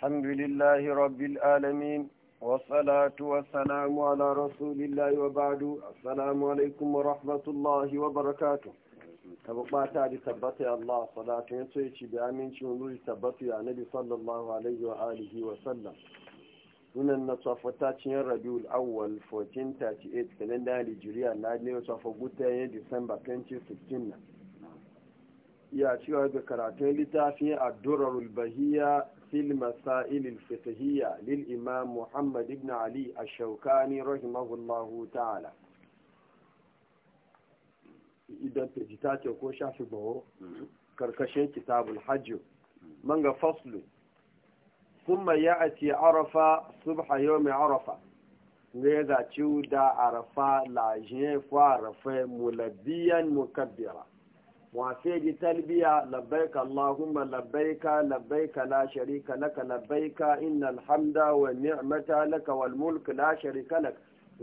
الحمد لله رب العالمين والصلاة والسلام على رسول الله وبعد السلام عليكم ورحمة الله وبركاته تبقى تعالي ثبت الله صلاة ينسيش بأمين شنور ثبت يا نبي صلى الله عليه وآله وسلم هنا نصفتات ربيع الأول 1438 كالندا الهجرية النادي وصفقوتها ديسمبر 2016 ya cewa da karatun littafin addurar bahiyya في المسائل الفقهية للإمام محمد بن علي الشوكاني رحمه الله تعالى إذا تجتاتي وكو في بهو كركشي كتاب الحج منغ فصل ثم يأتي عرفة صبح يوم عرفة ويذا تشود عرفة لاجين فعرفة ملبيا مكبرا wafe ji talbiya labbaika Allahumma labbaika labbaika la sharika laka labbaika innal hamda wa ni'mata laka wal mulk la sharika lak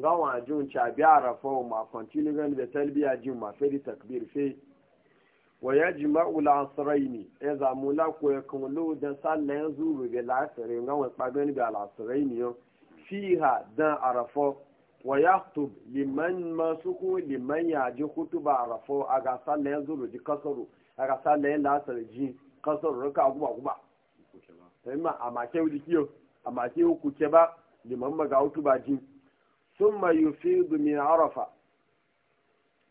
ga wajun cha biara fo ma continue gan da talbiya ji ma fe di takbir fe wa yajma'u al asraini e za mu la ko da sallan zuru ga la sare ga wa pa gan al asraini fiha dan arafo wa yaktub liman masuku liman ya yaji kutuba rafo a ga sallayen zuru ji kasaru a ga sallayen lasar ji kasaru raka guba guba sai ma a make wuri kiyo a make ku ke ba liman maga kutuba ji sun ma yufidu min arafa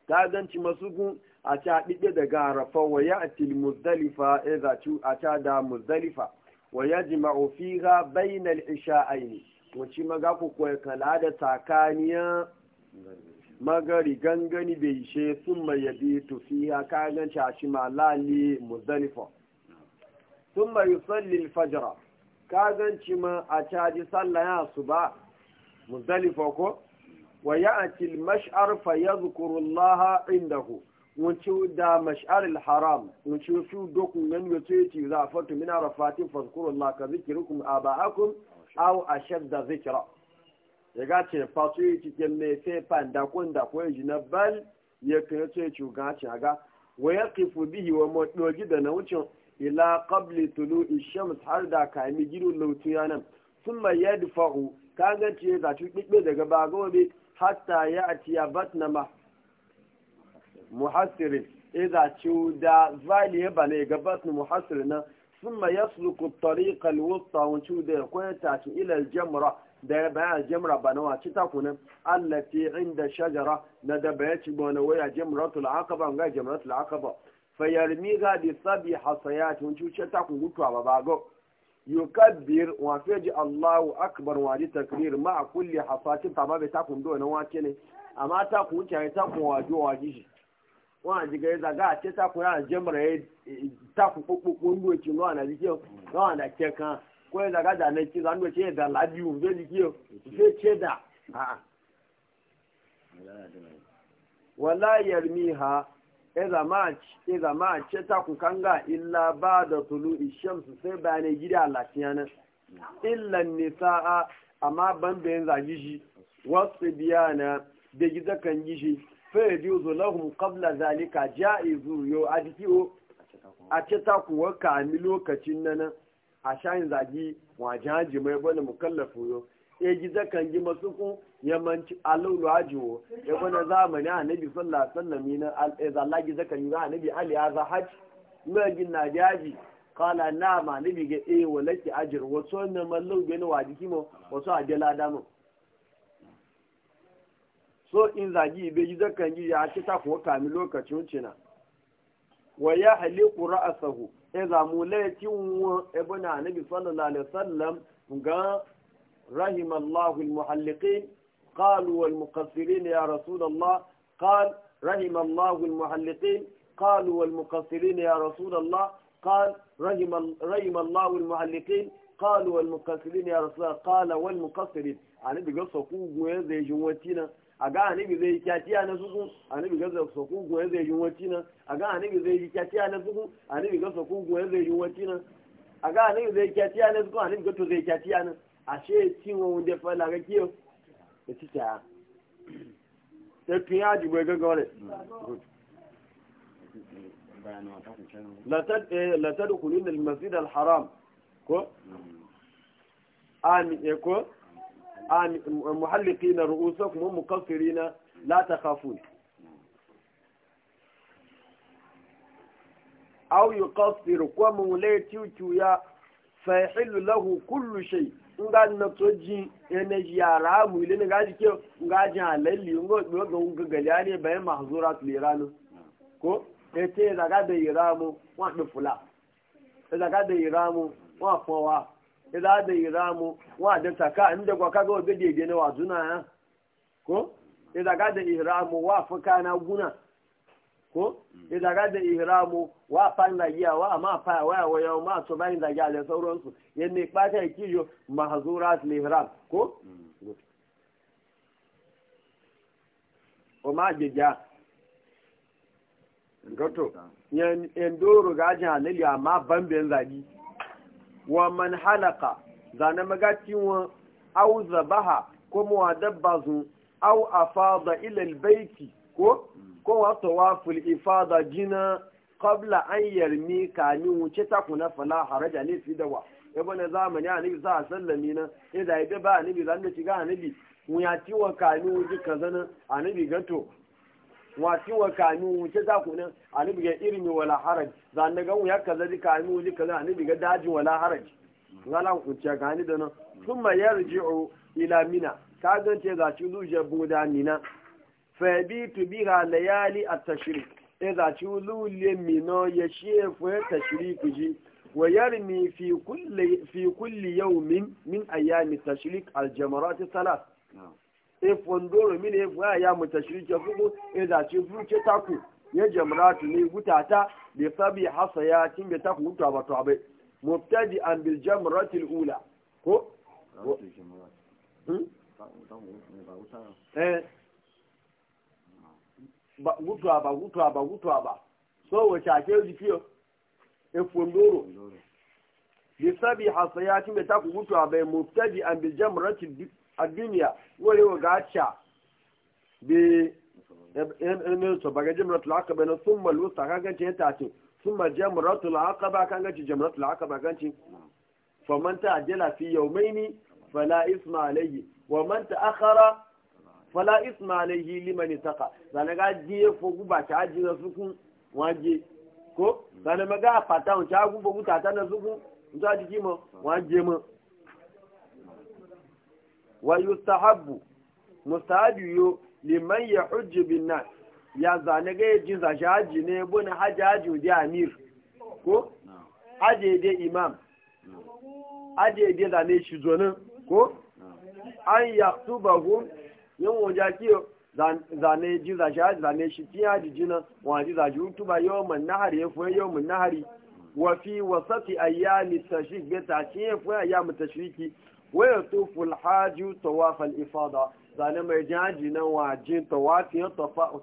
ta ganci masuku a ta ɗiɗe daga arafa wa ya atil muzdalifa a ci a ta da muzdalifa wa ya jima'u fiha bainal isha'aini wacce maga ku koyi kala da tsakaniya magari gangani bai ishe sun mai yabi tufiya kagan cashi malali muzdalifa sun mai yusalli fajira ganci ma a caji sallaya su ba muzdalifa ko wa ya akil mash'ar fa ya zukurullaha indahu wunci da mash'ar haram wunci fi dokun gani wato ya ce za a fatu min arafatin fazkurullah ka zikirikum aba'akum aw ashadda dhikra yaga ce fatu yi cikin ne sai fanda kun da ko yi na bal ya kire ce ga ce ga wa yaqifu bihi wa mudoji da naucin ila qabli tulu'i shams har da kami gidu lautiya nan thumma yadfa'u kaga ce za tu dibbe daga bagobe hatta ya atiya batna ma muhassirin idza ci da valiye ba ne ga batna muhassirin nan ثم يسلك الطريق الوسطى ونشوده كويتا ilal الجمرة da ya baya jamra ba nawa ci takunan allati inda shajara na da baya ci bona waya jamratul aqaba ga jamratul aqaba fayarmi ga bi sabi hasayat mun ci ce takun gutwa ba bago yukabbir wa faji allahu akbar wa li takbir ma kulli hasatin ta ba takun do na wace ne amma takun ta takun wajo waji wọn àjẹgẹ ẹ zàgá àti ẹsàkùnrin àjẹmọrẹ ẹ takùn pópópó ń lóòtì náà ànàdíkẹ náà ànàkẹ kan kó ẹ zàgá dà nẹtì lánàá lóòtì ẹ dà lábí òun fẹẹ dìkẹ o fẹẹ tiẹ dà. wàlá yẹrìmí ha ẹ zàmá àti ẹsàkùn kanga ilà bá dọ̀tòlù ìṣẹ́mùsù fẹ́ báyìí ní gírí àlàfíà náà ilà nìta àmà bàbá ẹ̀ ń fayyaji zulahun kabla zalika ja'izu yo a jiki o a ce ta kuwa kami lokacin nan a shayin zagi wajen haji mai bane mukallafu yo ya ji zakan ji masu kun yamanci alaulu ajiwo ya bane zamani a nabi sallallahu alaihi wasallam ne zallagi zakan yi za a nabi ali ya za haji mai na jaji kala na ma nabi ga eh walaki ajir wasu wannan mallau gani wa jiki mo wasu a jela damu so in zagi bai yi zakan yi ya ci ta kuwa kami lokacin cina wa ya haliku ra'asahu ya zamu laifin wa ibn nabi sallallahu alaihi wasallam ga rahimallahu almuhalliqin qalu wal muqassirin ya rasulullah qal rahimallahu almuhalliqin qalu wal muqassirin ya rasulullah قال رحم رحم الله المعلقين قالوا والمقصرين يا رسول الله قال والمقصرين يعني بيقصوا قوة زي جوتينا a ga anabi zai yi kyatiya na suku anabi ga zai yi wacci nan a ga zai yi kyatiya na suku anabi ga zai yi wacci nan a ga zai kyatiya na ga to zai kyatiya nan a wanda ga kiyo da ci ta ta tun ya ji bai gaggawa ne la tadkhulun eh, masjid al-haram ko mm. amin eh, ko muhalliqina ru'usakum wa muqaffirina la takhafun aw yuqaffir kwa mun le tutu ya fa lahu kullu shay nga na toji energy ara mu ile nga jike nga ji alalli ngo go ga galiya ne bayan mahzurat lirano ko ete daga da iramu wa dufula daga da iramu wa fowa ila da iramu wa da taka inda kwa kaga obe da ibe na wazuna ya ko ila ga da ihramu wa fuka na guna ko ila ga da ihramu wa fan da giya wa ma fa wa wa yau ma to bayin da giya da sauransu yanne kwata kiyo mahzurat li ihram ko o ma jeja ngoto yan endoro ga jan halali amma bamben zagi wa man halaka zane magacin wa au zabaha ko mu dabba zu au afada ila albayti ko ko wa tawaful ifada jina qabla an yarmi kani wuce ta kuna fala haraja ne fi dawa yabo ne zamani annabi sa sallami na idan ya ba bi zan ne shiga bi mu ya ciwon kani wuce kazana bi gato wati wa kanu wuce za ku nan anibi ga irmi wala haraj za na gan kaza a kanu ji kaza anibi ga daji wala haraj ngala ku ce kani da nan thumma yarji'u ila mina ka gan ce za ci luje buda mina fa bi tu biha layali at-tashrik e za ci lule mino ya shefu tashrik ji wa yarmi fi kulli fi kulli yawmin min ayami tashrik al-jamarat thalath efondoro mini efuwa ya mutashirike fuku ina e ce fuke taku gutata da sabi hasa ya taku mutuwa ba tuwa bai mubtadi an bil jamratil ula ko hmm? ba ba gutuwa ba ba so wace ake jifiyo efondoro da sabi hasa taku mubtadi an bil a duniya wani wa gacha bi yan to baga jimratul aqaba na summa lusa kan ganci yanta ce summa jamratul aqaba kan ganci jamratul aqaba ganci fa man ta'ajjala fi yawmaini fala isma alayhi wa man akara fala isma alayhi liman ittaqa zan jiye fo guba ta aji na fata na wa yustahabbu mustahabiyo liman ya hujji bin nan. ya zane ga ya jin zashi haji ne bune haji haji da amir ko haji da imam haji da zane shi zonin ko an ya tuba hun yin wajen kiyo zane jin zashi haji zane shi tiya haji jinan wajen zashi tuba yau mun nahari ya fuwa yau man nahari wa fi wasati ayyami tashrik bi ta'tiyin fuwa ayyami tashriki waya tufu alhaju tawafal ifada zane mai jaji nan wajin tawafin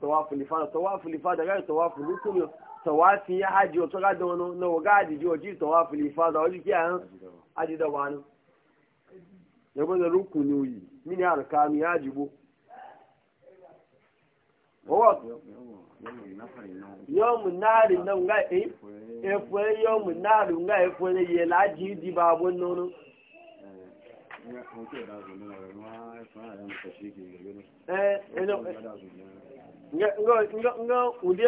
tawafin ifada tawafin ifada ga tawafin rukun tawafin ya haji wato ga da wani na waga ajiji waji tawafin ifada waji kiyayen aji da wani ya bada rukunu yi mini arkanu ya bu yọmù náàrí náà na gá ẹ̀fọ́ yọmù náàrí ń gá ẹ̀fọ́ yẹ láti ìdìbò abọ́ nínú nga ya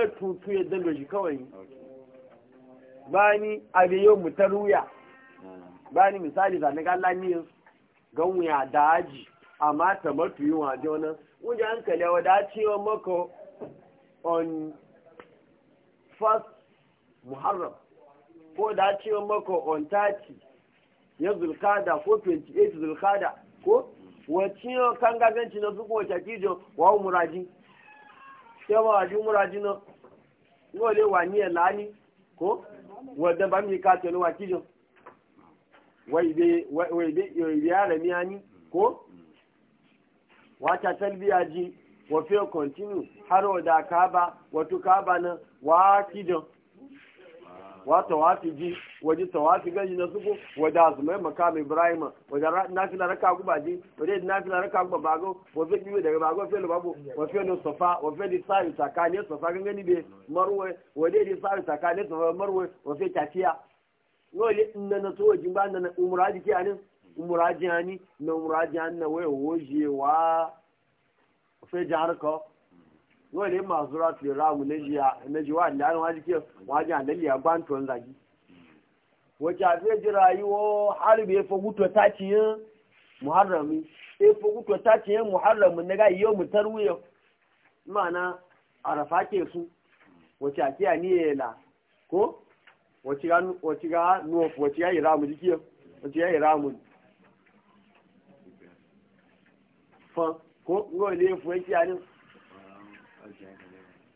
tutu ya dalo shi kawai bani abiyo mu ta ruya bani misali zane galla ne ganwu ya daji amma tabbatu yi waje wani wajen hankali wa dacewa mako on first muharram ko dacewa mako on 30 ya zulkada ko 28 zulkada ko wacce kan gaganci na suko wacce kijo wa muraji sai wa wajen muraji na ngole wa ni lani ko wadda ba mi ka ni wa kijo wai be ya be ya rami ani ko wata talbiya ji wa fiye continue har wa da kaba wato kaba na wa kijo wa tawafi ji waje tawafi ganji na suko waje azumai makam ibrahim waje nafila raka guba ji waje nafila raka guba bago wa fi kiwe daga bago fi babu Wafi fi no safa wa fi di sa'i sakani safa da be marwe waje di sa'i sakani safa marwe wa tafiya tafiya wale inda na so wajen ba na umuraji ke anin umuraji ani na umuraji an na waye wojewa fi jihar kawo. yau ne masu rafi na jiwa da an wajen wajen adali a gwantuwan zagi wacce a zai ji rayuwa harbe ya faguto ta ciye muharrami ya faguto ta ciye muharrami na ga yau mu tarwiyar mana arafa ke su wacce a kiya ni ya la ko wacce ga nuwafu ya yi ramu jikiyar wacce ya yi ramu fan ko ngo ile fun ki anin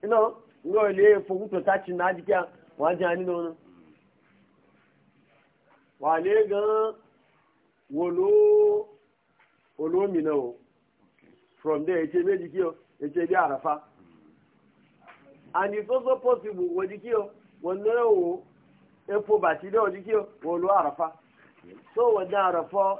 iná ńgọ́ ilé fòkútò táàtì náà na kíá wa á jẹ́ àní lọ́nà wà gan from there ètè méjì kí o and it's also possible di o so arafa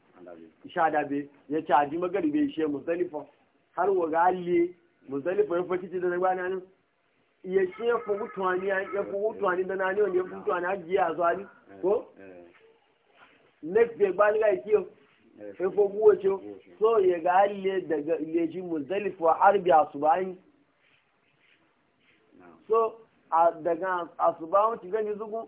isha dabe ya ci aji magari bai ishe musalifa har wa gali musalifa ya fakici da zagba na nan ya ce ya fi mutuwani ya fi mutuwani da nani wani ya fi mutuwani a jiya zuwa ni ko eh. next day ba ni ga ikiyo eh. ya fi buwace so ya gali daga ileji musalifa har biya su bayan so daga asuba wani ci gani zugun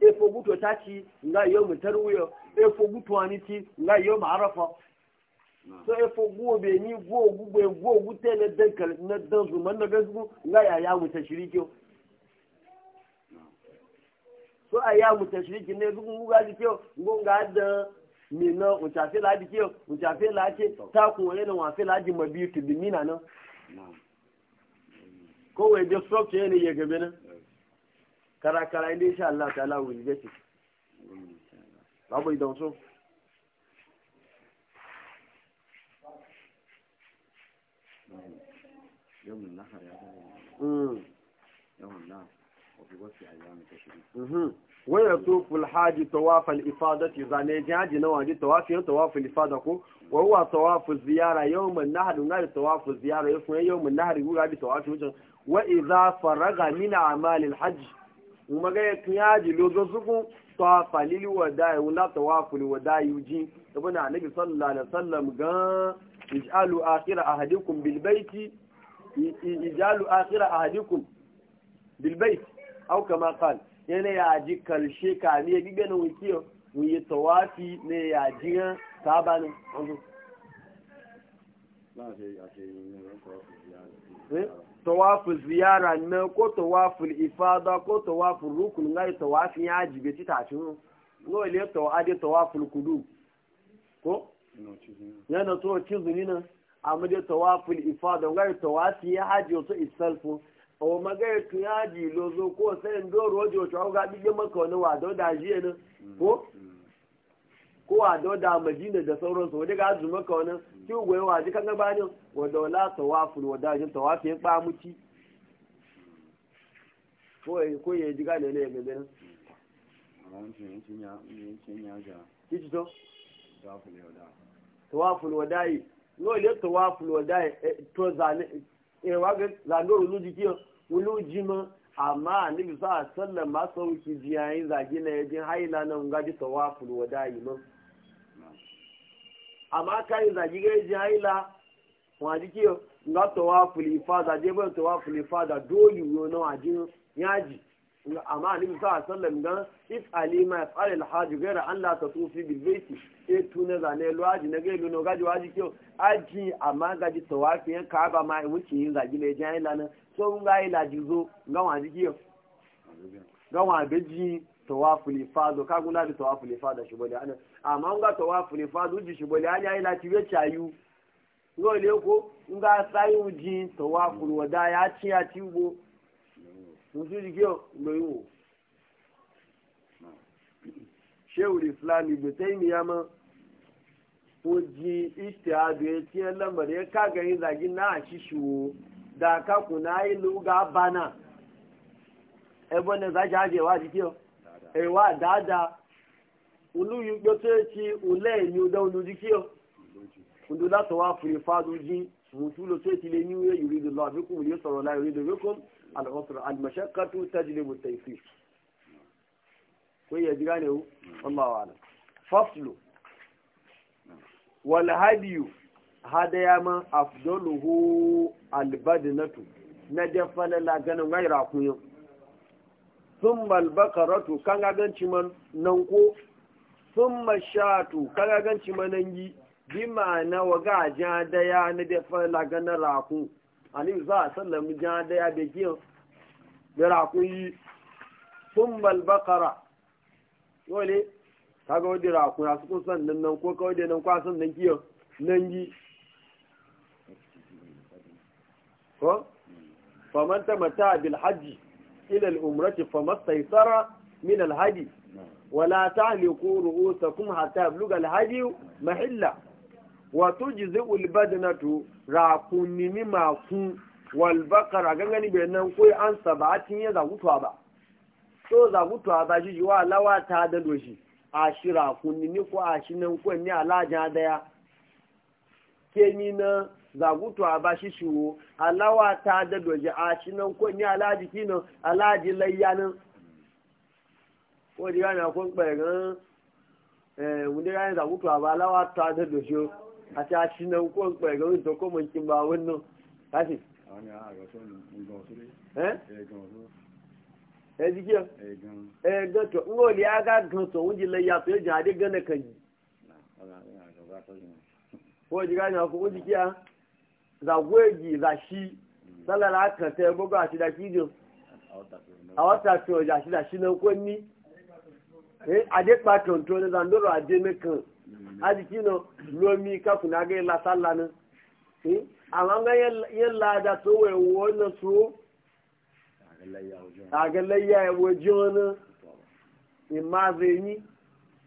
efo buto ta ci nga yau mu tarwiyo efo buto ani ci nga yau mu arafa so efo gobe ni go gube go gute na dankal na dan su man na gasu nga ya ya mu tashiriki so a ya mu tashiriki ne zugun ga ji ke go ga da mi na utafe la di ke utafe la ke ta ku wani na wafe la di mabiyu tudumina nan kowai da structure ne ya gabe nan karakara ilé iṣẹ́ aláàtà aláwọ̀ yunifásitì bábọ̀ ìdánwò wọ́n yẹ̀ tó fulhaji tawafa al'ifada ti zane jihaji na waje tawafiyan tawafa al'ifada ko wọ́wọ́ tawafa ziyara yau mun nahari wurari tawafa ziyara yau mun nahari wurari tawafi wucin wa iza faraga mina amalin hajji umaga ya kiyaji lozo suku ta falili wadai wala tawaful wadai yuji ibn annabi sallallahu alaihi wasallam ga ij'alu akhir ahadikum bil baiti ij'alu akhir ahadikum bil bait aw kama qala yana ya ji kalshe ka ne gibe na wikiyo yi tawafi ne ya ji saba ne tawafu ziyara na ko tawafu ifada ko tawaful rukun ngai tawafi ya jibe ti ta tun no ile to ade tawaful kudu ko yana to cizuni nan amma dai tawafu ifada ngai tawafi ya haji to itselfu o magai tu ya ji lozo ko sai ndoro ojo to ga bige maka wani wado da ji nan ko ko wado da madina da sauransu wadda ga azumaka wani kí ó wẹ̀ wọ́n àti kankan bá ní wọ̀dọ̀ látọ̀wá fún wọ̀dọ̀ àti tọ̀wá fi ń pa á mú tí kó yẹ jí káàdì ẹlẹ́yẹ gẹ̀gẹ́ náà. títí tó tọ̀wá fún ní òlé tọ̀wá fún wọ̀dọ̀ yìí tó zàndóró ma kí biyan ló jí mọ́ àmọ́ àníbi sáà sẹ́lẹ̀ máa sọ amma kai zagi ga ji haila wa jike nga to wa fuli fada je ban to wa fuli fada dole yo na ajin yaji amma ni sa sallam ga if ali ma yafal al haj gaira an la ta tufi bil baiti e tuna ne lo aji na gailu no ga ji wa ji kyo aji amma ga ji to wa fi en ka ba ma wuce yin zagi ne jan ila na so nga ila ji zo nga wa ji kyo ga wa beji to wa fuli fada ka gunadi to wa fuli fada shi bo bane àmọ́ ń gàtọ̀ wá fún ìfà lójú ṣùgbọ́n ilẹ̀ ayé láti wé ṣàyù ní òlé kó ń jin tọ̀ wá fún ìwọ̀dá ayé àti àti wo tuntun yìí kí ọ lóyún wò. shehul islam ma ko ji ijtihadu ya ce lamar ya kaga yin zagin na a da ka na yi luga bana ebe wanda za shi hajewa jiki ewa dada ulu yi gboto eki ule enyi uda ulu jiki o ndu láti wá fúri fáadú jí mutu lo tó ìtìlẹ̀ ní ìwé yìí rídu lọ́wọ́ bíkú yóò sọ̀rọ̀ láì rídu bíkú alọ́sọ̀rọ̀ alìmọ̀ṣẹ́ kátó tajìlẹ̀ bó tẹ̀ fi yẹ jìgá ni hadayama afdoluhu albadinatu na jefale la ganin gaira kunyo sun balbakaratu kan gaganci man nan ko sun mashatu kaga ganci manangi bi ma'ana wa ga ja daya na da fala gana raku ani za a sallamu ja daya da giyan da raku yi sun balbakara dole kaga wadda raku ya su kusan nan nan ko kawai da nan kwasan nan giyan nan gi ko faman ta mata bil hajji ila al-umrati famastaysara min alhaji. ولا تعلقوا رؤوسكم حتى يبلغ الهدي محلة وتجزئ البدنة راكون مما كون والبقرة غنغني بينن كوي أن سبعتين يزا غطوا با so za gutuwa ba shi jiwa lawa ta da doshi a shi rakunni ni ko a shi nan ko ni alaja daya ke ni na za gutuwa ba shi shiwo alawa ta da doshi a shi nan ko ni alaji kinan alaji layyanin wọ́n ti ránà kó ń pẹ̀ gan ẹ̀hún dé ránà ìsàkóso àbá aláwọ̀ àtọ́ adédòṣó àti aṣínà kó ń pẹ̀ gan ìtọ́ kó ní kíńbà owó náà láti. ẹ ti kí ọ ẹ gan tó n ò lè ága gan tó ń jìnlẹ̀ ẹ jẹ́ adé gan náà kàn yìí. wọ́n ti ránà mm. kó ń ti kí a zàwéèjì zàṣí sálàlá kàn tẹ gbogbo àṣìdá kí jù àwọn ade kpato nto ne zandoro ade mekan adi kino lomi kafu na ga la sala ne awon ga ye la da to we wo na so agala ya wo jona imaze ni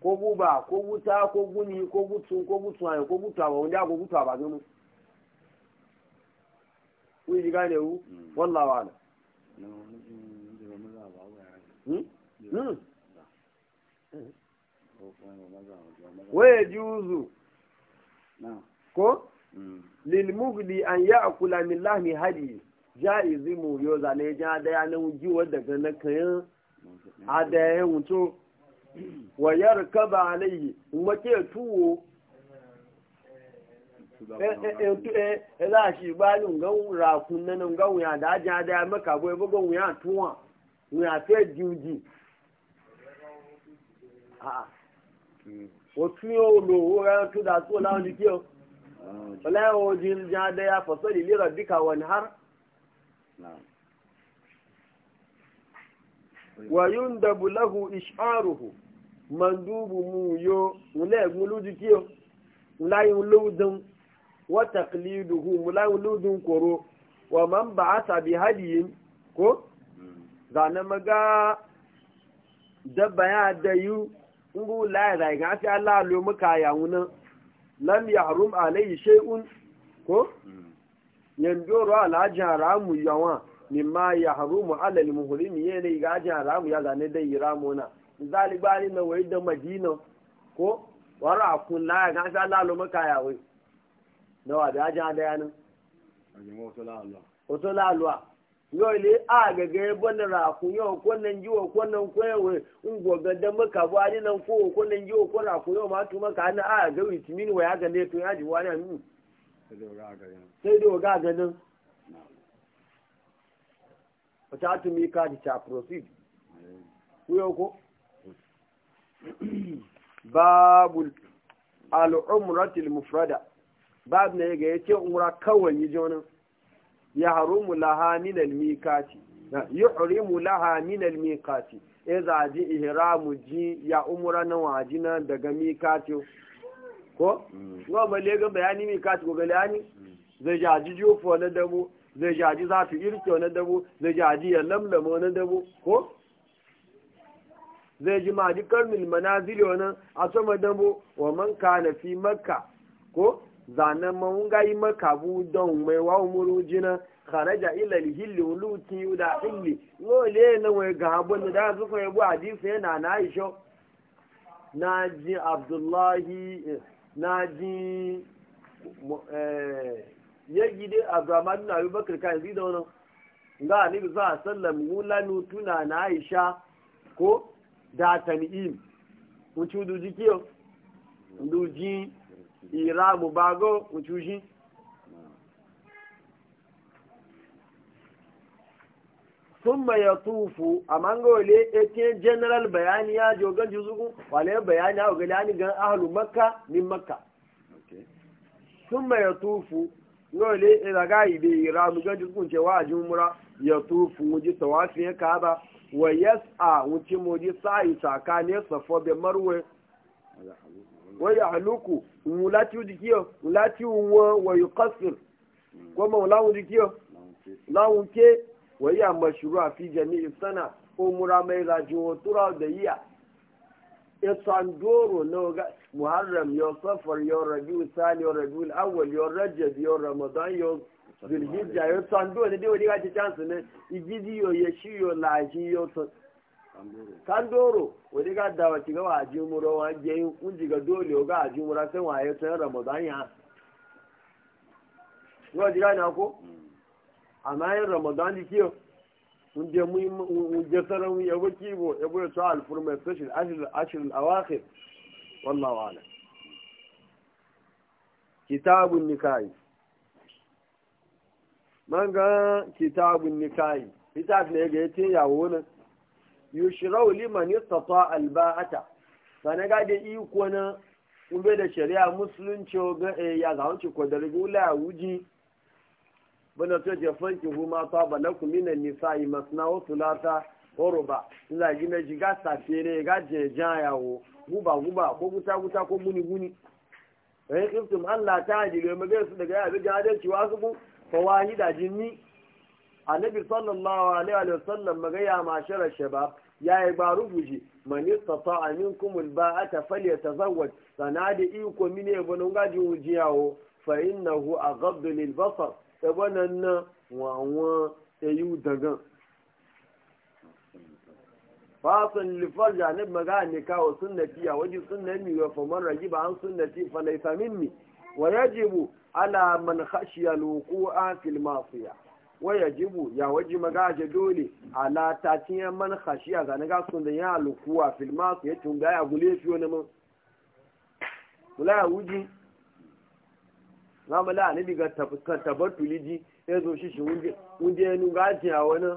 ko buba ko buta ko guni ko butu ko butu ayo ko butu awo nda ko butu aba gunu wi diga ne wu wallahi wala Hmm? Hmm? waya juzu ko lilmugli an ya akula min lahmi hadi jaizi mu yo zane ja da ya nan jiwa daga na kayan adayen wuto wa yarkaba alayhi kuma ke tuwo e za shi balin gan rakun nan gan wuya da ajiya da ya maka bai bugan wuya tuwa wuya fe juji òtún ah, ah. yóò lò owó rẹ̀ tó dà tó láwọn di kí o ọlẹ́wọ̀n ojì ń jẹ́ adé afọ́sọ́ ìlú rẹ̀ bí kàwọ̀ ní har. wàyún dàbù lẹ́hu ìṣàrùhù mandubu mu yo ńlẹ̀ lójú kí o wọ́n kòrò wọ́n máa ń bà á tàbí ko? zane maga dabba ya da ngu la da ga fi Allah lo muka ya wuna lam yahrum alayhi shay'un ko yandoro ala jaramu yawa mimma yahrumu ala almuhrim yene ga jaramu ya zane dai ramona zalibani na wai da madina ko wara kun la ga fi Allah lo muka ya wai da wa da jan da yanin ajimo to la Allah o to la Allah yole a gaga bana raku yau kwanan jiwa kwanan kwayewe ungo gada maka ba hmm. ni nan ko kwanan jiwa ko raku yau ma tuma ka ana a ga vitamin wa ya ga ne to ya ji wani an sai da ga ga nan wata atumi ka ji ta proceed ku yau ko babul al-umratil mufrada bab ne ga yace umra kawai yi jonan yahrumu laha minal mikati yi yuhrimu laha min al-miqati idza ji ihramu ji ya umra na wajina daga mikati ko no male ga bayani miqati ko galani zai jaji jofo na dabo zai jaji zatu irke na dabo zai jaji ya lamlama na dabo ko zai ji maji karmil manazili wani a sama dabo wa man kana fi makka ko zanen man ga yi maka bu don mai wa umuru jina kharaja ila lihilli uluti da illi lole na wai ga abun da su fa bu hadisi yana na isho naji abdullahi naji eh yaji dai azamani na abubakar kan zai da wannan ga annabi sa sallam wulanu tuna na aisha ko da tan'im mun ci duji kiyo duji irabu bago mutushi summa ya tufu a mangole ake general bayani ya jogan juzugu wale bayani a gani gan ahalu makka min makka summa ya tufu ngole ilaga ibe irabu gan juzugun cewa a jumura ya tufu muji tawafi ya kaba wa yas'a wuce muji sa'i tsakanin safo bai marwe wọ́n aluku hàlùkù òun láti ó di kí ọ láti wọn wọ̀nyí kọ́sìr gbọ́mọ láwọn di kí ọ láwọn ké wọ́n yà mọ̀ṣúrù àfijẹ́ ní ìsánà òmùra mẹ́ra wọn tóra ọ̀dẹ̀ yíyà ètò náà ga muharram yọ sọfọr yọ rabi usani yọ rabi awal yọ rajab yọ ramadan yọ ètò ní ká ti ní ìjídí kandoro wani ga dawa ki ga waji muro wa je un kunji dole dole ga waji mura sai wa ya san ramadan ya yo diga na ko hmm. amma yin ramadan di kiyo mun je mu un je saran ya go bo ya go to al furma special ashir ashir al awakhir wallahu a'lam kitabun nikahi manga kitabun nikahi kitab ne ga yace yawo nan yushirau liman yastata alba'ata sana ga da iko na ube da shari'a musulunci ga eh, ya ga wuce ko da rigula wuji bana to je fanki huma ta balaku minan nisa'i masna wa thulatha wa ruba ila gina jiga safere ga je wo guba guba ko guta guta ko muni muni eh kiftum Allah ta jire magai su daga ya bi ga adalci wasu ku wahida jinni annabi sallallahu alaihi wa sallam magaya mashara shabab ya yi ba rubuji mani tata amin kumul ba a tafaliya ta zawaj sana da iko mini ya bani gaji wujiyawo fa inna hu a gabdu lil basar ta e bani na wawan ta e yi dagan fasan lifar janib maga ne kawo sunnati a waje sunnani wa famar ragi ba an sunnati falaisa minni wa yajibu ala man khashiya luku'a fil masiya waya jibu ya waji magaje dole ala ta tiya man khashiya ga naga sun da ya lukuwa fil masu ya tunga ya gule fiyo ne mun kula ya wuji zama la nabi ga tabatuli ji ya zo shi shi wunde ya nuga ji a wani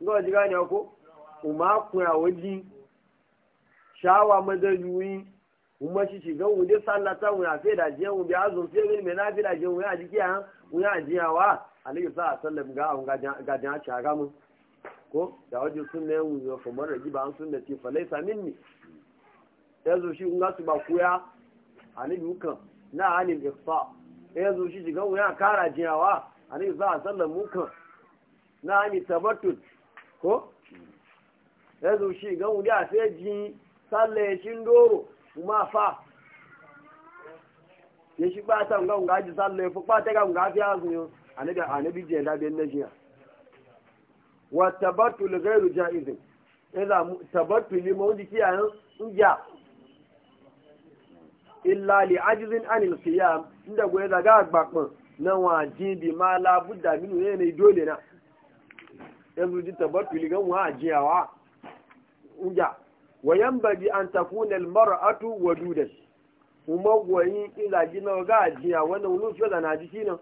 ga waji gani ko kuma ku ya waji shawa madajuyi kuma shi shi? shiga wunde sallata wuna fe da jiyan wunde azun fe gani mai na fi da jiyan wunde a jiki a wunde a jiyawa alayhi sa sallam ga an ga jan ci ga mun ko da wajen sunna yan yo fa mara giba an sunna ti fa laysa minni yazo shi kun ga su ba kuya alayhi hukan na alil ikhfa yazo shi shiga wuya kara jiyawa alayhi sa sallam mukan na ani tabattut ko yazo shi ga wuya sai ji salle shin doro kuma fa shi ba ta nga nga ji salle fu ba ta ga nga fi azu anabi anabi je da ben najiya wa tabattul ghairu jaiz idza tabattul mawdi kiyan inja illa li ajzin anil qiyam inda goye daga agbapon na wa jin bi ma la budda minu ne ne dole na yanzu ji tabattul gan wa ajiyawa inja wa yanbaghi an takuna al mar'atu wadudan umma goyin ila jina ga ajiya wannan lusu da na ji shi nan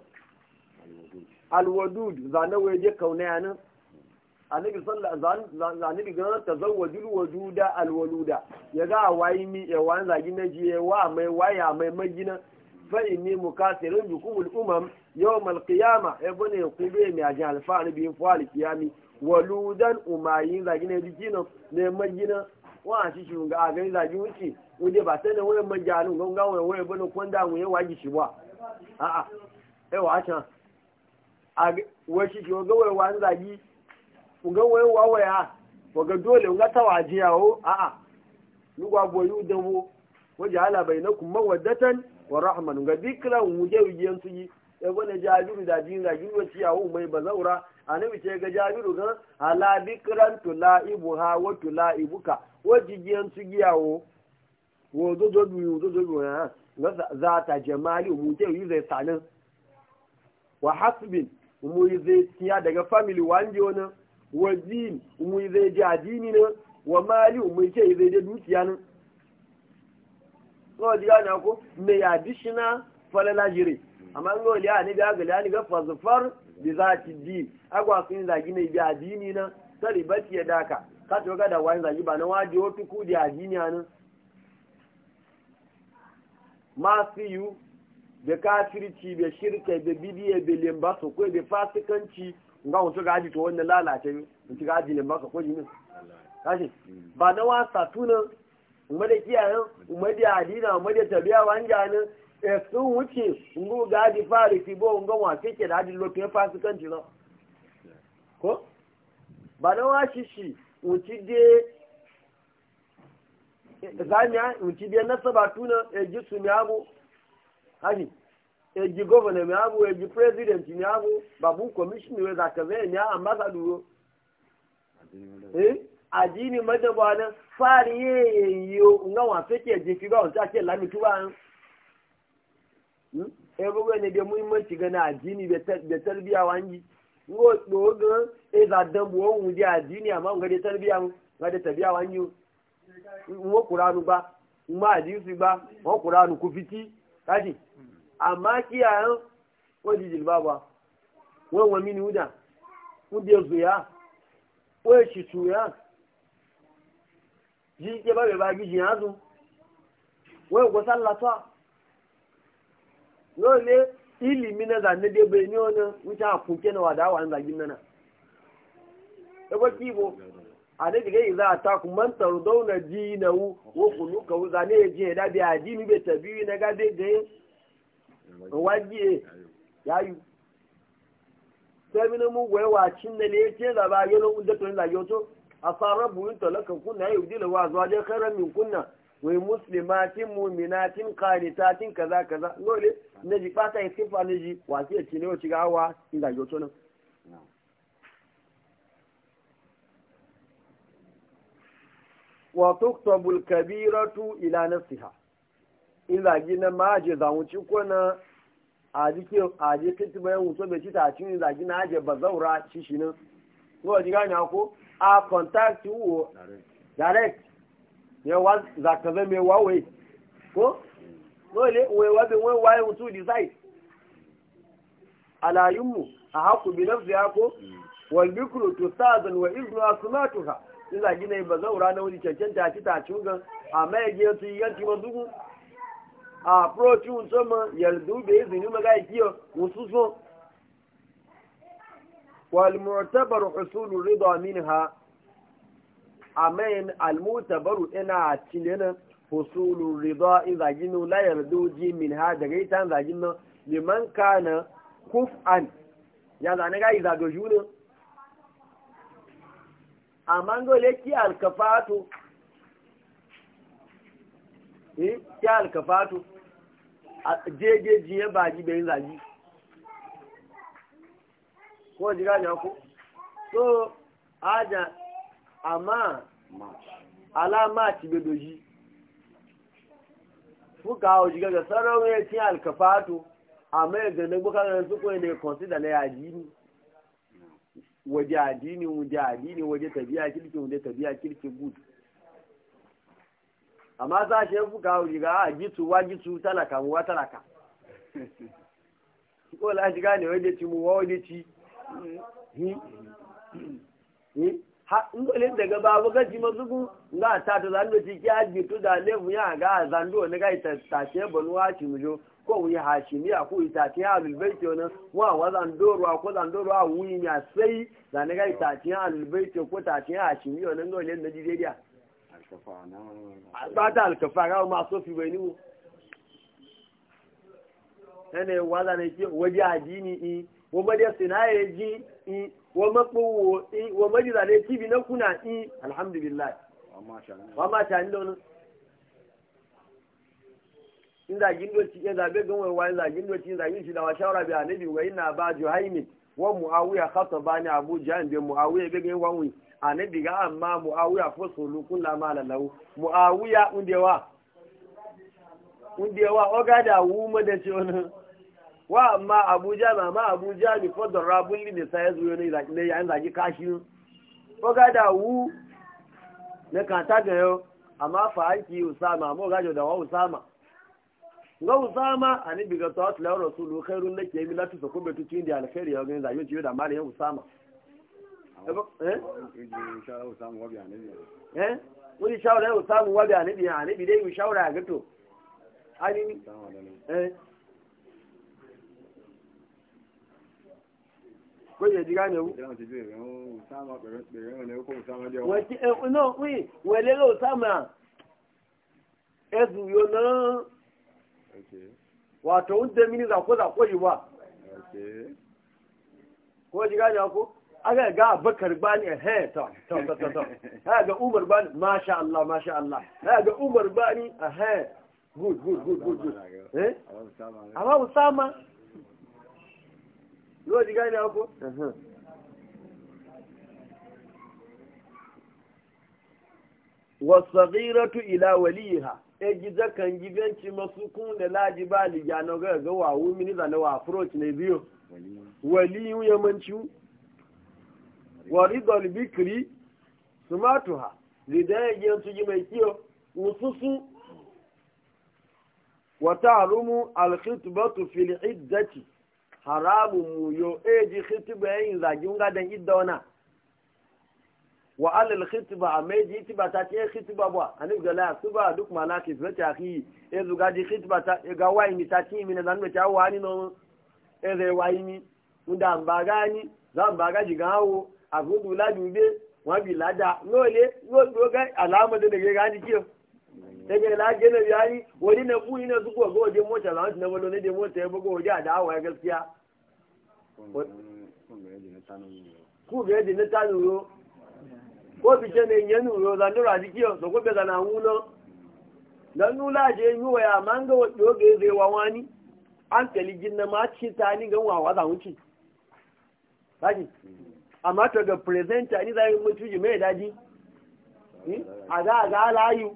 alwadud zane waje kauna yanin annabi sallallahu annabi ga ta zawwajul wajuda alwaluda ya ga wayi mi ya wan zagi na jiye wa mai waya mai magina fa inni mukasirun jukumul umam yawm alqiyama e bone kube mi ajin alfa'al bi fa'al qiyami waludan umayi zagi na jikino ne magina wa shi shi ga ga zagi wuci wuje ba sai da wayan majalun gonga wayan wayan bone kwanda mu ya waji shi ba a'a eh wa can wasu ki ga wai wani zagi ku ga wai wawaya ku ga dole ga tawaji yawo a a lugwa boyu dawo waje ala bainakum mawaddatan wa rahman ga dikra mu je yiyan su yi ya gwana jabiru da jin zagi wace yawo mai bazaura annabi ce ga jabiru ga ala la tulaibu ha wa tulaibuka waje yiyan su yawo wo zo zo biyu zo zo biyu ha za ta jamali mu je yi zai sanin wa hasbin umuize tiya daga family wanje wani wa din umuize je adini na wa mali umuize ize je dukiya na ko diga na ko me additional falala jire amma ngo liya ne ga ga liya ne ga fazfar bi zati di agwa sun zagi ne bi adini na sari bati ya daka ka to ga da wani zagi ba na waje wotu ku di adini na ma see you da kafirci da shirka da bidiyya da lemba su kai da fasikanci ga wasu gaji to wannan lalace ne in ci gaji limba su kai ne kashi ba na wasa tunan umar da kiyayen umar da adina umar da tabiya wanjanin e eh, sun wuce ngu gaji fari fi bo ngon wa fike da hadin lokacin fasikanci na ko ba na washi shi wuci je eh, zamiya wuci de nasaba tunan e eh, ji su miyago haji eji gọvanọ mi abụ eji president mi abụ babu kọmishina wee zakabe mi ambasaduro eh? adini madaba na fari yeye yo nga wa feke je figa on take lami tuba hmm? e bugo ne de muhimmanci gana adini da tarbiya wangi ngo dogo e za dambu o wudi adini amma nga de tarbiya nga de tarbiya wangi ngo qur'anu ba ma hadisi ba ngo qur'anu fiti. kaji amma kiyayen wọ́n di jìlbá wa wọ́n wọ́n mi ni wúdà wọ́n di ọ̀zọ̀ yá wọ́n èsì tù yá jí jẹ́ bá ale diga yi za a ta ku man tarudau na ji na wu wo kulu ka wuza ne ji da bi a ji mi be tabi na ga be de waji ya yu sai mu gwe wa cin ne le ce da ba yelo unda to la yoto asara buin talaka kunna yudi la wa zuwa je khairan min kunna we muslimatin mu'minatin qanitatin kaza kaza dole ne ji fata yi sifa ne ji wa ce ne o ci ga wa ila yoto nan wa tuktabul kabiratu ila nafsiha in ma na maje zamuci ko na a jikin a jikin ti bayan wuto bai ci ta cin zagi na aje bazaura shi shi nan ko ji gani ko a contact wo direct ne wa za ka me mai wawe ko dole wai wa bin wai waye wuto decide alayummu a haku bi nafsiha ko mm. wal bikru tusadan wa ibnu asmatuha sun gina na yi ba zaura na wani cancan ta ci gan a maye gina su yi yanci mazugun a proci wuce ma yardu da ya zini maga ya kiyo wasu so walmurtabar usulun ridwa min ha a mai almurtabaru ina cile na usulun ridwa in zagi na la yardu ji min ha daga ita zagi na liman kana kuf'an ya zane ga yi zagoshi wunin amma dole ki alkafatu eh ki alkafatu jeje jiye baji be zaji ko jiga nya ko so aja amma alama ti be doji fuka o jiga ga sarawe ti alkafatu amma ga ne bukan su ko ne consider waje addini waje addini waje tabiya kirki waje tabiya kirki gud amma za shi yafi kawo ga a gitu wa gitu talaka mu wa talaka ko la shiga ne waje ci mu wa waje ci ha in dole daga babu gaji mazugu ga ta ta zan ci ki a gitu da lefu ya ga zando ne ga ta ta ce banuwa ci mu jo ko wuyi hashimiya ko itacin alubaiti wani wa wa zandoro ko zandoro a wuyi ya sai zane ga itacin alubaiti ko itacin hashimiya wani ga wale na nigeria ba ta alkafa ga ma so fi bai niwu ene wa zane ke waje adini i wo ma dai sinaye ji i wo ma kowo i wo zane tibi na kuna i alhamdulillah wa ma shani da wani in zagin doci ya zabe gan wai wani zagin doci zagin shi da wa shawara bi annabi wa inna ba juhaimin wa muawiya khatabani abu jahl bi muawiya bi gan wani annabi ga amma muawiya fasulu kullama lalahu muawiya undewa undewa oga da wuma da ce wani wa amma abuja ma ma abuja ni fadar rabun ne sai ya zo ne zaki ne yan zaki kashi oga da wu ne kan ta ga yo amma fa aiki usama mo ga da wa usama Nga usama ani biga to atla rasulu khairun laki mi lati so ko betu tin alkhairi ya ganin zayo da mali ya usama eh eh shawara ya usama bi dai shawara ani eh, eh no wato wanda mini za ko za ko yi ba ko ji gaja ko aga ga bakar bani he ta ta ta ta ta ga umar bani masha Allah masha Allah ga umar bani he good good good good good eh amma usama ko ji gaja ko والصغيرة إلى وليها e gida kan masu kun da laji ba liga na ga ga wa wu mini da na wa approach ne biyo wali yu manci wa ridal bikri sumatuha lidan yin su mai kiyo ususu wa ta'rumu al khitbatu fil iddati haramu mu yo e khitba yin zagin gadan idda wa alal khitba a tiba ta ke eh, khitba ba a gala suba duk mana ke ta fi eh, zuga di khitba ta eh, ga wai mi ta ci mi dan zanu ta wani no e zai wai mi unda ba za zan gawo agudu la dube wa bi lada le no do ga alama da ga ni kiyo ga la ne yayi wori na fu ina su go je mota zan na balo ne de mota e bugo ja da wa gaskiya ku ga yadda na tanu ko fi ce ne yanu yo za nura jiki yo so ko be na wuno dan la je yi waya manga wa doge zai wa wani an tali jinna ma ci ta ni gan wawa za wuci kaji amma to ga presenter ni zai mutu ji mai daji hmm? a ga a ga layu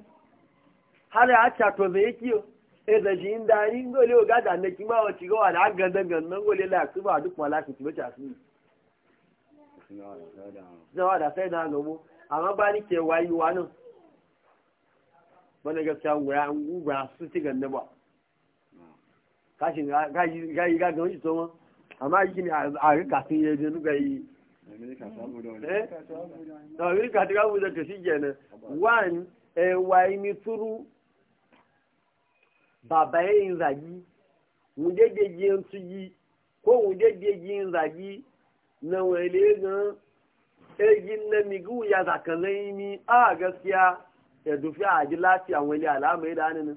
har ya ta to zai kiyo e da ji inda ni ngole ga da ne kima wa ci ga wa da na gandan ngole la ku ba duk mala ku ci ba ta su zawa da sai da amma ba ni ke wa nan wani gaskiya wura wura su ci ganna ba kashin gayi ga shi to ma amma yi ne a rika sun yi jini ga yi na eh? amurka ta gabu da ta shi kenan Wani a eh, wayi mi turu baba yin zagi wunde da yin su yi ko wunde da yin zagi na wani legan. egin na migu ya zakalai ni a gaskiya ya dufi a ji lafiya wani alama ya dani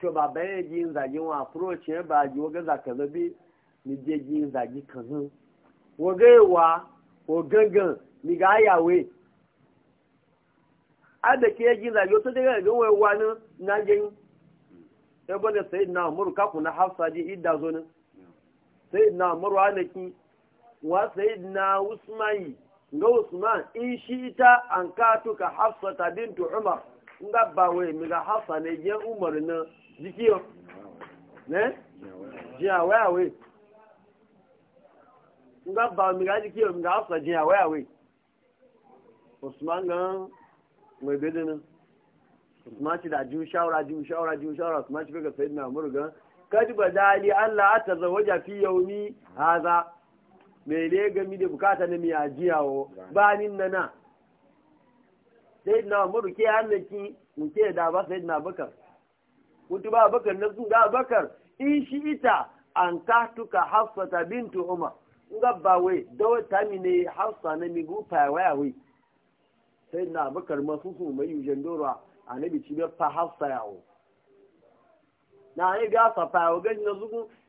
to ba bayan ji yin wa approach ya ba ji waga zakalai bi ni je ji yin zagi kazan waga yawa wagangan ni ga yawe a da ke ji zagi wata daga ga wai wani na jin ya bane sayid na umar kaku na hafsa ji idda zo ne sayid na umar wa anaki wa sayid na usmani ga usman in shi ta an katu ka hafsata bintu umar in ba wai mi ga hafsa ne je umar na jikiyo ne jiya waya wai in ba mi ga jikiyo mi ga hafsa jiya usman ga mai usman ci da ju shawara ju shawara ju shawara usman ci ga sayyidina umar ga kad badali allah atazawaja fi yawmi haza mai ne gami da bukata na miya jiyawo ba nin na na sai na umaru ke hannaki muke da ba sai na bakar mutu ba bakar na sun da bakar in shi ita an ka tuka ta bintu umar in gabba wai da wata mi ne hafsa na mi gufa waya wai sai na bakar masu su mai yujen dora a nabi shi bai fa hafsa yawo na ne gasa fa yawo na zugun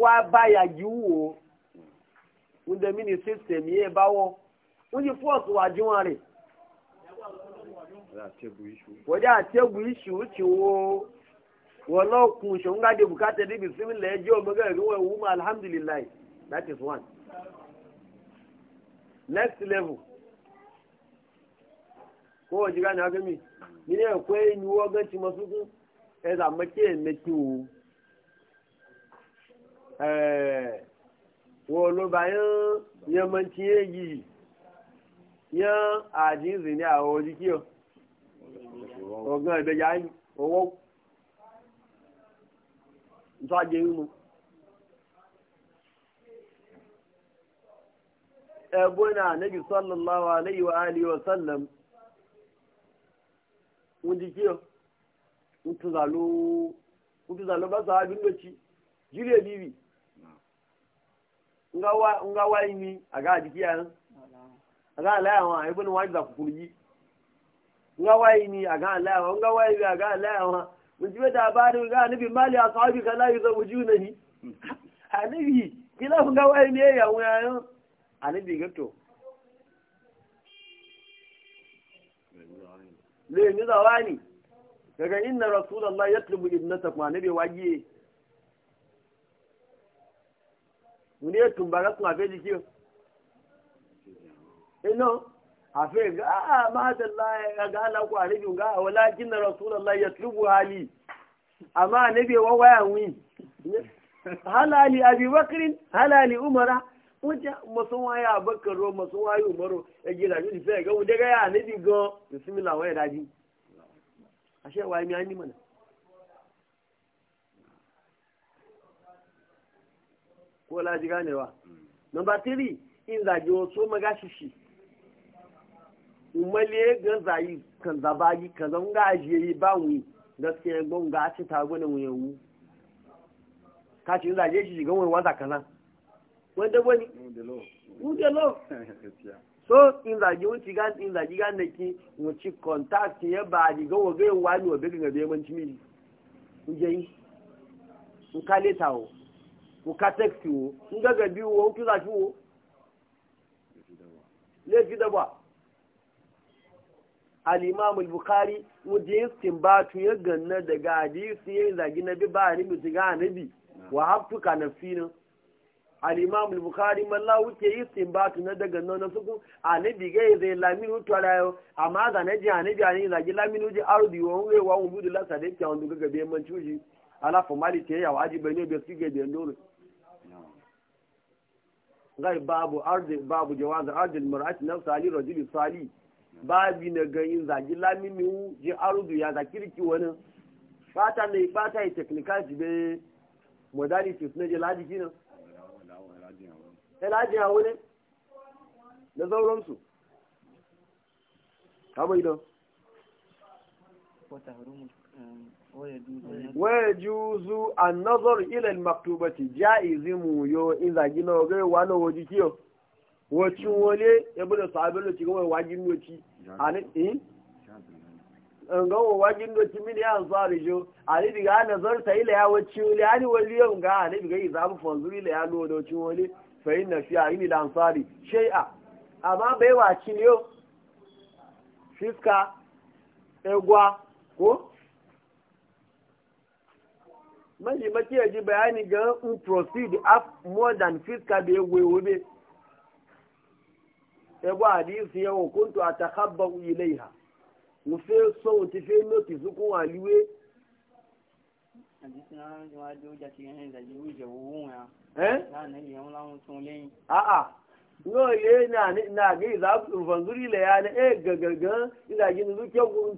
wa baya yiwo wunde mini system ye bawo wunji force wa jiwa re wọ́dẹ́ àtẹ́gù iṣu ti wo wọlọ́kùn ṣòǹgádé bukata níbi símílẹ̀ ẹjọ́ ọmọgá ìrúwọ̀ ìwúmọ̀ alhamdulilayi that is one next level kó wọ́n jìgá ní afẹ́mi nílẹ̀ ẹ̀kọ́ ẹ̀yìn wọ́gán ti mọ sókún ẹ̀dà mẹ́kí ẹ̀mẹ́kí wò ẹ̀ẹ́ wọ́n ló bá yán yán o èyí yán ọ ọ̀gán ìgbẹ̀yà owó ìtọ́jẹ́ mímu ẹ̀bùn náà nẹ́bí sọ́lọ́lọ́wà wa aliyu wa sallam kutu zalo kutu zalo ba sa abin da ci jire bibi nga wa nga wa yimi aga dikiya nan aga la yawa wani za ku yi nga wayi ni aga la yawa nga wayi ni aga la yawa mun ji da bari ga nabi mali ashabi kala yuzawjunani anabi kila nga wa yimi ya wuya anabi gato le ni zawani daga inna rasulullah eh, ya tubu ibnata kuma ne bai wagiye ya ne ga kuma fe jiki ino a fe ga a ma da la ga ala ku alibi ga walakin rasulullah ya tubu hali amma ne bai wawaya wi halali abi bakrin halali umara wajen masu waya bakar ro masu wayo umaro ya gida ni fe ga wanda ga ya ne bi go bismillah waya daji ashe waye mi ani mana ko la laji ganewa number 3 in zage wasu magashishi umale ga zayi kan zabagi kan zan ga ajiye ba mu gaskiya gbon ga ci tagona mu yawu ka ci zaje shi ga wani waza kana wanda bani mu da lo mu da lo so in zagi wuci gan in zagi gan da ki wuci contact ya ba di ga wa ga wa ni wa bi ga be man chimi ku yi ku kale tawo ku ka text wo ku ga ga bi wo ku za shi wo le fi da ba al-imam al-bukhari mudin timbatu ya ganna daga hadisi ya zagi nabi ba ni mutiga nabi wa haftuka nafsina al bukari al-bukhari man la ba istinbatu daga nan su ku anabi ga zai laminu to yau amma da na ji anabi ani da ji laminu ji ardi wa wa wa budu la sade kya on daga be man chuji ala formali te ya waji bane be sige be ndoro gai babu ardi babu jawaz ardi al na sali li rajuli sali babi na ga yin zagi laminu ji ardi ya zakirki wani fata ne fata yi technicality be modalities na je ladi kinan ilaji a wuni da sauransu kama idan eh, waya juzu an nazar ilal maktubati ja'izi mu yo in zagi na ogai na waji kiyo wacin wale ya bude sabon da cikin wani wagin doci a nan eh? in eh, nga wo wagin do timini an jo ani diga nazar ta ila ya wacin wale ani wali la ya wale fẹ̀yìn na fi àyìn ìlà nsárì ṣé à àmọ́ bẹ́ẹ̀ wà kí ni ó fífka ẹgwa bayani gan ń proceed up more than fífka bí ewe obe ẹgwa àdíyèsí yẹn wọ̀ kóńtò àtàkàbọ̀ ilé ìhà mo fẹ́ sọ́wọ́n ti a'a na na za ku vanzuri le ya e gagaga ila jin zuke ku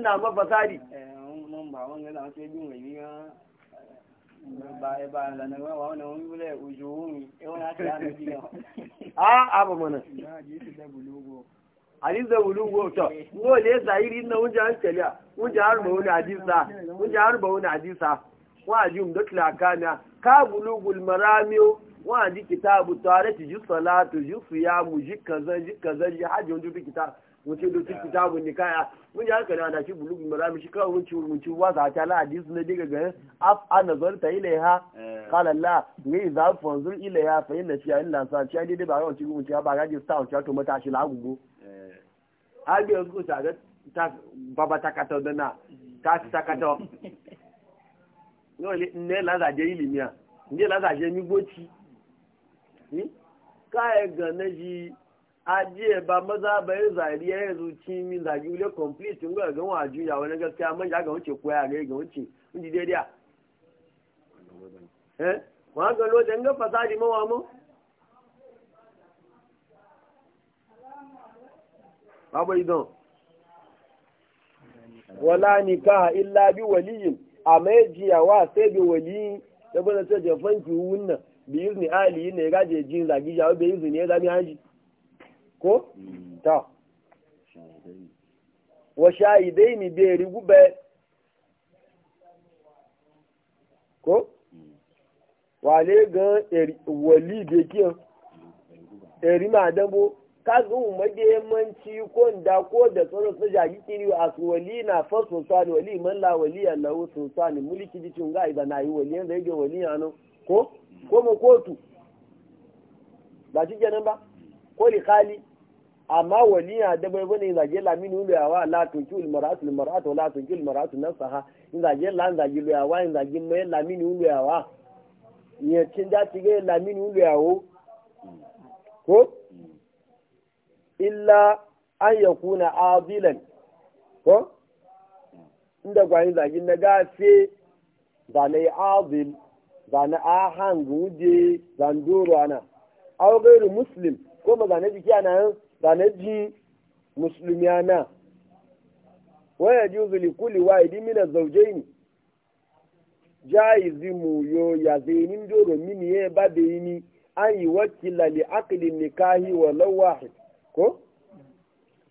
na ma fasari mun wani na hadiza wulun wauta ko ne zahiri na wunja hankali wunja harba hadiza hadisa har ba wani hadisa wa ji umda tulakana ka bulugul maramiyo wa ji kitabu tare ti ji salatu ji mu ji kaza ji kaza ji hajji wunji kita wunci da kitabu ni kaya wunja hankali da shi bulugul marami shi kawai wunci wunci wa za ta la hadisi na diga ga af anazar ta ilaiha qala la ne za fa fanzur ilaiha fa inna fiya illa sa ci dai ba ga wunci wunci ba ga ji sa wunci to mata shi gugu abi yanzu sa ga ta baba takato da na ta ci takata yole ne la za je ilimi a ne la za je mi goci ka e ga na ji aje ba maza ba yin zari ya yanzu ci mi zagi wule complete ga ga wa juya wani ka man ya ga wuce koya ga ga wuce mun ji daidai eh wa ga lo dan ga fasadi mawa mu abaidan wala nikaha illa bi waliyin a mai jiyawa sai bi waliyin da bana sai jefan ki wunna bi izni ali ne ga je jin zagi ya bi izni ne zami haji ko mm. ta wa shahidaini bi gube. ko mm. wale ga wali da kiyan mm. eri ma dambo ka ga mahimmanci ko da ko da tsoro su jagi kiri a su wali na fa sultan wali man la wali Allah sultan mulki dicin ga iba na yi wali yanzu yake wali ano ko ko mu kotu ba shi kenan ba ko li khali amma wali ya da bai bane zage lamini ulu yawa la tunki ul maratu ul maratu la tunki ul maratu nasaha in zage la zage ulu yawa in zage mai lamini ulu yawa ne cin da tige lamini ulu yawo ko illa an ya kuna ko inda gwani zagin na gafe zane azil zane ahan guje zandoro ana aw muslim ko ma zane jiki ana zane ji musulmi ana waya juzu li kulli wahidi min az-zawjayn jaizi mu yo ya zainin doro ya ye ba ni an yi wakila li aqli nikahi wa law ko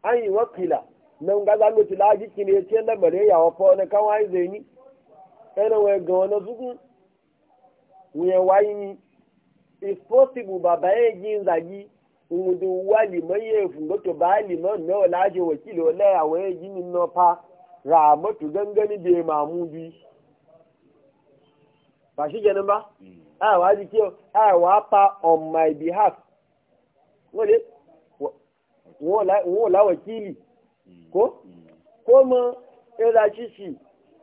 an yi wakila nan ga za mu tila jiki ne ce na bare yawa fa wani kawai zai ni ɗan wai ga wani zuku wuye wayi ni if possible ba ba ya yi zagi wudu wa liman ya funga to ba liman na wala je wakili wala ya waye ginin na fa ramatu gangani da mamu bi ba shi ganin ba mm. a wa jiki a wa pa on my behalf wale wo la wakili ko ko mo e da shishi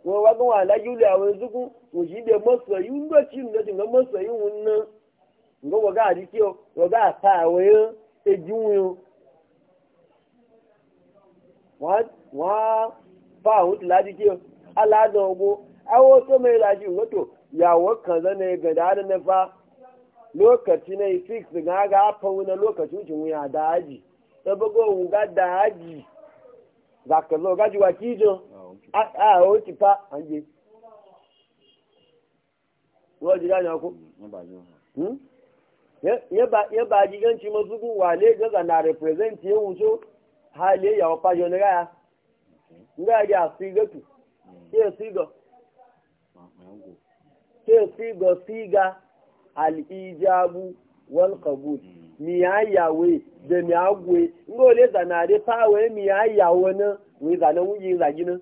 wo wa gan wa la yule awon zugun o ji de mo so yi ndo chi ndo ti mo so yi won na ngo wo ga ri ki o ga ta we e ji won o wa wa fa o ti la di ki o ala do go awo to me la ji ngoto ya wo ne zane ga da na fa lokaci ne fix ga ga fa wani lokaci wucin wuya daji tọ́gbọ́gbọ́ òun gada da ájì zàkẹ̀lọ́ wa kí ah, a o ti pa àǹjẹ. wọ́n ti dá ní ọkọ. yẹn bá hmm? jíjẹ́ ń ti mọ sukú wà na gẹ́gà náà rẹ̀pẹ̀sẹ̀ntì ha lé da mi agwe ngole zanade pawe mi ayawo na wi zanan wuji zagi na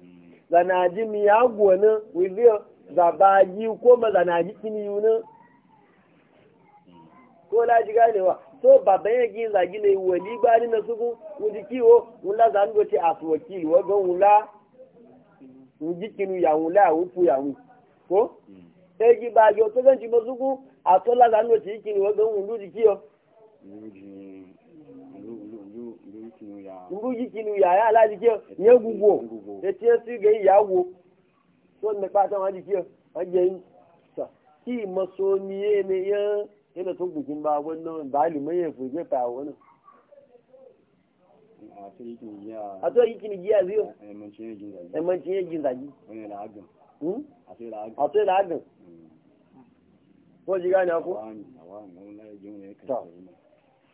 zanaji mi agwe na wi zio zabaji ko ma zanaji kini yuna ko la ji so baba yin gi zagi ne na suku wuji kiwo wula zan go ci asu wakili wula wuji kinu ya wula ya ko e ba to ngu yi kinu ya ya ala jike nye ya tiye su ga yi ya wo so ne kpata ma jike a je sa ki maso miye ne ya yana tun bukin ba wannan ba liman ya fuje fa wani a to yi kinu giya ziyo emanci ya jin zagi a to yi la'agin hmm? hmm. ko ji ko?